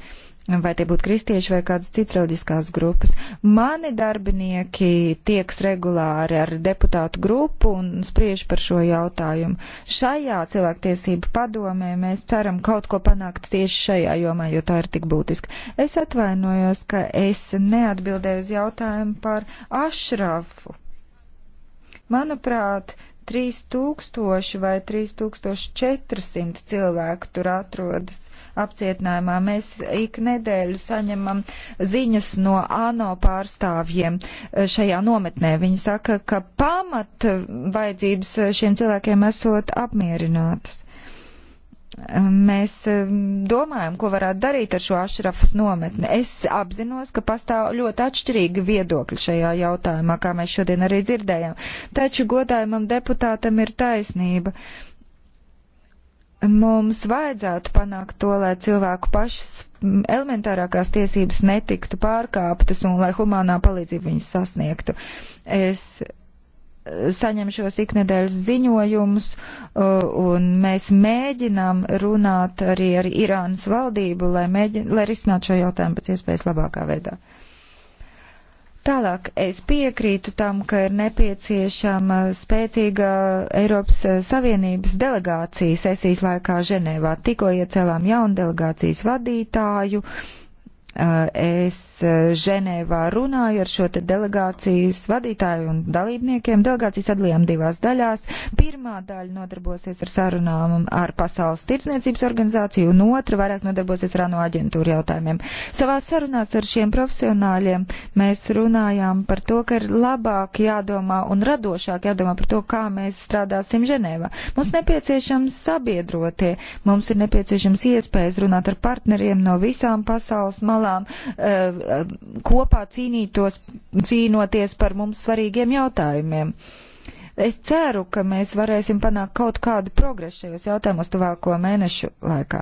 [SPEAKER 6] vai tie būtu kristieši vai kādas citas reliģiskās grupas. Mani darbinieki tieks regulāri ar deputātu grupu un spriež par šo jautājumu. Šajā cilvēktiesību padomē mēs ceram kaut ko panākt tieši šajā jomā, jo tā ir tik būtiska. Es atvainojos, ka es neatbildēju uz jautājumu par Ašrafu. Manuprāt, 3000 vai 3400 cilvēku tur atrodas apcietinājumā. Mēs ik nedēļu saņemam ziņas no ANO pārstāvjiem eh, šajā nometnē. Viņi saka, ka pamat vajadzības eh, šiem cilvēkiem esot apmierinātas. Eh, mēs domājam, ko varētu darīt ar šo Ašrafas nometni. Es apzinos, ka pastāv ļoti atšķirīgi viedokļi šajā jautājumā, kā mēs šodien arī dzirdējām. Taču godājumam deputātam ir taisnība. Uh, Mums vajadzētu panākt to, lai cilvēku pašas elementārākās tiesības netiktu pārkāptas un lai humānā palīdzība viņas sasniegtu. Es e, saņem šos iknedēļas ziņojumus, e, un mēs mēģinām runāt arī ar Irānas valdību, lai, mēģin, lai risinātu šo jautājumu pēc iespējas labākā veidā. Tālāk es piekrītu tam, ka ir nepieciešama spēcīga Eiropas eh, Savienības delegācija sesijas laikā Ženēvā. Tikko iecēlām jaunu delegācijas vadītāju. Uh, Eh, es eh, Ženēvā runāju ar šo te delegācijas vadītāju un dalībniekiem. Delegācijas atdalījām divās daļās. Pirmā daļa nodarbosies ar sarunām ar Pasaules tirdzniecības organizāciju, un otra vairāk nodarbosies ar ANO aģentūru jautājumiem. Savā sarunās ar šiem profesionāļiem mēs runājām par to, ka ir labāk jādomā un radošāk jādomā par to, kā mēs strādāsim Ženēvā. Mums nepieciešams sabiedrotie, mums ir nepieciešams iespējas runāt ar partneriem no visām pasaules malām salām eh, kopā cīnītos, cīnoties par mums svarīgiem jautājumiem. Es ceru, ka mēs varēsim panākt kaut kādu progresu šajos jautājumos tuvāko mēnešu laikā.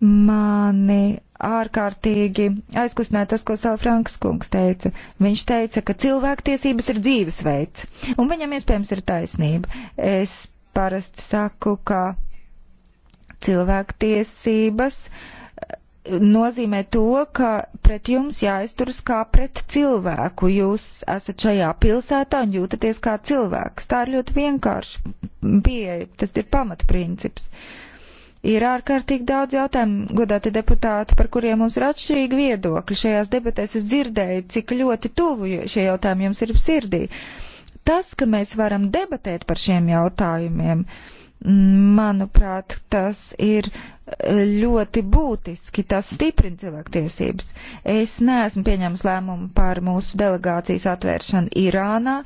[SPEAKER 6] Mani ārkārtīgi aizkustināja tas, ko Salfrankas kungs teica. Viņš teica, ka cilvēktiesības ir dzīvesveids, un viņam iespējams ir taisnība. Es parasti saku, ka cilvēktiesības uh, nozīmē to, ka pret jums jāizturas kā pret cilvēku. Jūs esat šajā pilsētā un jūtaties kā cilvēks. Tā ir ļoti vienkārši pieeja, tas ir pamatprincips. Ir ārkārtīgi daudz jautājumu, godāti deputāti, par kuriem mums ir atšķirīgi viedokļi. Šajās debatēs es dzirdēju, cik ļoti tuvu šie jautājumi jums ir sirdī. Tas, ka mēs varam debatēt par šiem jautājumiem, uh, Manuprāt, tas ir e, ļoti būtiski, tas stiprina cilvēktiesības. Es neesmu pieņēmis lēmumu par mūsu delegācijas atvēršanu Irānā.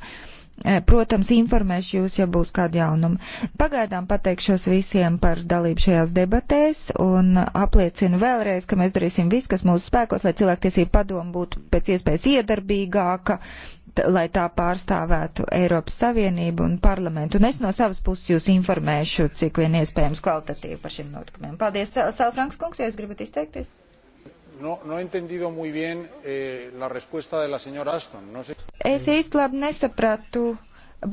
[SPEAKER 6] E, protams, informēšu jūs, ja būs kāda jaunuma. Pagaidām pateikšos visiem par dalību šajās debatēs un apliecinu vēlreiz, ka mēs darīsim visu, kas mūsu spēkos, lai cilvēktiesība padoma būtu pēc iespējas iedarbīgāka, lai tā pārstāvētu Eiropas Savienību un parlamentu. Un es no savas puses jūs informēšu, cik vien iespējams kvalitatīvi par šiem notikumiem. Paldies, Salfranks kungs, ja jūs gribat izteikties.
[SPEAKER 7] No, no entendido muy bien eh, la respuesta de la señora Aston. No sé...
[SPEAKER 6] Es īsti labi nesapratu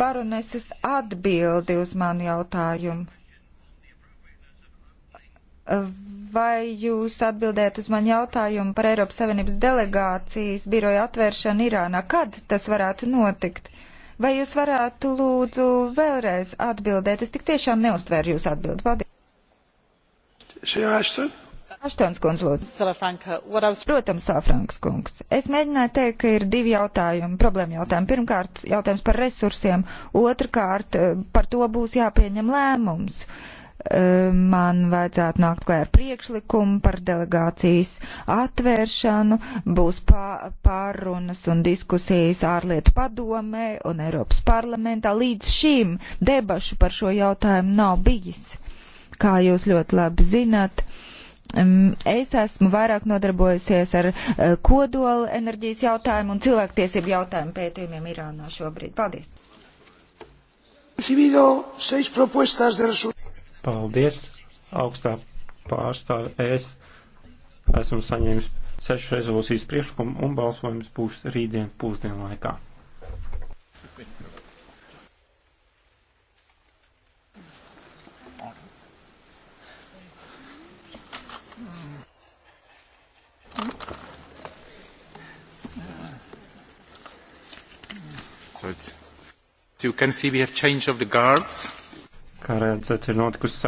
[SPEAKER 6] baroneses atbildi uz manu jautājumu vai jūs atbildējat uz manu jautājumu par Eiropas Savienības delegācijas biroja atvēršanu Irānā? Kad tas varētu notikt? Vai jūs varētu lūdzu vēlreiz atbildēt? Es tik tiešām neustvēru jūsu atbildi. Paldies. Aštons kundz lūdzu. Protams, Sāfranks kungs. Es mēģināju teikt, ka ir divi jautājumi, problēma jautājumi. Pirmkārt, jautājums par resursiem. Otrkārt, par to būs jāpieņem lēmums. Uh, Eh, man vajadzētu nākt klē ar priekšlikumu par delegācijas atvēršanu, būs pārunas un diskusijas ārlietu padomē un Eiropas parlamentā. Līdz šim debašu par šo jautājumu nav bijis. Kā jūs ļoti labi zināt, Es esmu vairāk nodarbojusies ar eh, kodola enerģijas jautājumu un cilvēktiesību jautājumu pētījumiem Irānā šobrīd. Paldies!
[SPEAKER 7] Paldies, augstā pārstāve. Es esmu saņēmis sešu rezolūcijas priekšlikumu un balsojums būs rītdien pūzdienu laikā. So it's, so you can see we have change of the guards. Kā redzat, ir notikusi